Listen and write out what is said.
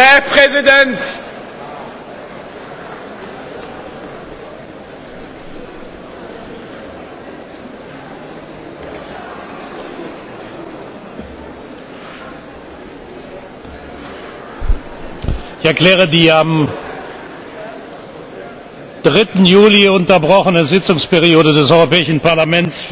Der Präsident! Ich erkläre die am 3. Juli unterbrochene Sitzungsperiode des Europäischen Parlaments.